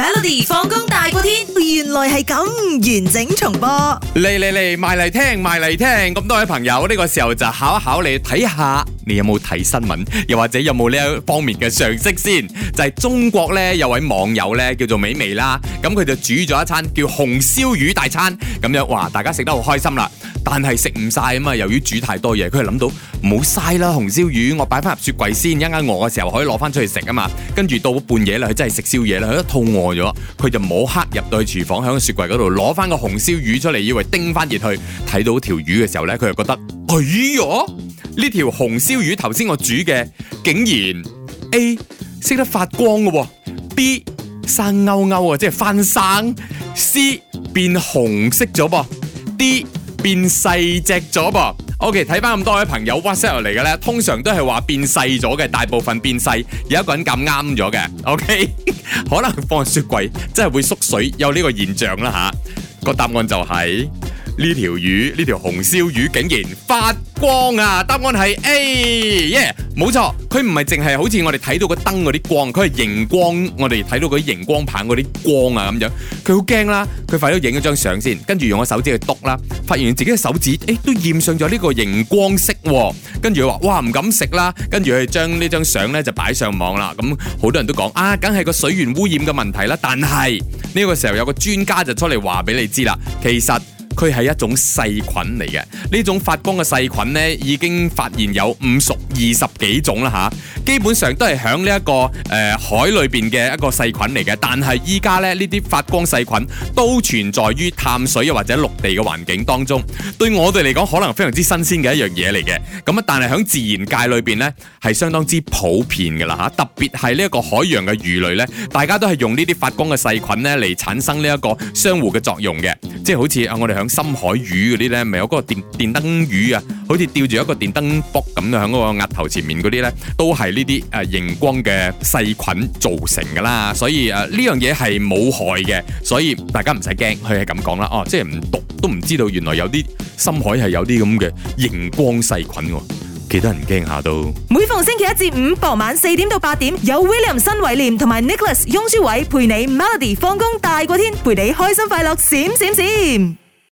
Melody 放工大過天，原來係咁完整重播。嚟嚟嚟，賣嚟聽賣嚟聽，咁多位朋友呢個時候就考一考你，睇下你有冇睇新聞，又或者有冇呢一方面嘅常識先，就係中國呢，有位網友呢叫做美美啦，咁佢就煮咗一餐叫紅燒魚大餐，咁樣哇，大家食得好開心啦。但係食唔晒啊嘛，由於煮太多嘢，佢係諗到唔好嘥啦，紅燒魚我擺翻入雪櫃先，一陣間餓嘅時候可以攞翻出去食啊嘛。跟住到半夜啦，佢真係食宵夜啦，佢都肚餓咗，佢就冇刻入到去廚房，喺雪櫃嗰度攞翻個紅燒魚出嚟，以為叮翻熱去，睇到條魚嘅時候咧，佢就覺得哎呀，呢條紅燒魚頭先我煮嘅，竟然 A 識得發光嘅喎，B 生勾勾啊，即係翻生，C 變紅色咗噃，D。變細隻咗噃，OK，睇翻咁多位朋友 WhatsApp 嚟嘅呢，通常都係話變細咗嘅，大部分變細，有一個人咁啱咗嘅，OK， 可能放雪櫃真係會縮水，有呢個現象啦吓，個、啊、答案就係、是、呢條魚，呢條紅燒魚竟然發光啊！答案係 A，耶、yeah! 冇錯，佢唔係淨係好似我哋睇到個燈嗰啲光，佢係熒光，我哋睇到嗰啲熒光棒嗰啲光啊咁樣，佢好驚啦，佢快啲影咗張相先，跟住用個手指去篤啦，發現自己嘅手指，誒、欸、都染上咗呢個熒光色、哦，跟住佢話哇唔敢食啦，跟住佢將呢張相呢就擺上網啦，咁好多人都講啊，梗係個水源污染嘅問題啦，但係呢、呢個時候有個專家就出嚟話俾你知啦，其實。佢係一種細菌嚟嘅，呢種發光嘅細菌呢，已經發現有五屬二十幾種啦吓，基本上都係響呢一個誒、呃、海裏邊嘅一個細菌嚟嘅。但係依家咧呢啲發光細菌都存在於淡水又或者陸地嘅環境當中。對我哋嚟講，可能非常之新鮮嘅一樣嘢嚟嘅。咁啊，但係喺自然界裏邊呢，係相當之普遍噶啦吓，特別係呢一個海洋嘅魚類呢，大家都係用呢啲發光嘅細菌呢嚟產生呢一個相互嘅作用嘅。即係好似啊，我哋響深海魚嗰啲咧，咪有嗰個電電燈魚啊，好似吊住一個電燈 bulb 咁啊，響嗰個額頭前面嗰啲咧，都係呢啲誒熒光嘅細菌造成㗎啦，所以誒呢、啊、樣嘢係冇害嘅，所以大家唔使驚，佢係咁講啦，哦、啊，即係唔讀都唔知道原來有啲深海係有啲咁嘅熒光細菌㗎。幾得人驚下到？每逢星期一至五傍晚四點到八點，有 William 新偉廉同埋 Nicholas 翁舒偉陪你 Melody 放工大過天，陪你開心快樂閃閃閃。閃閃閃。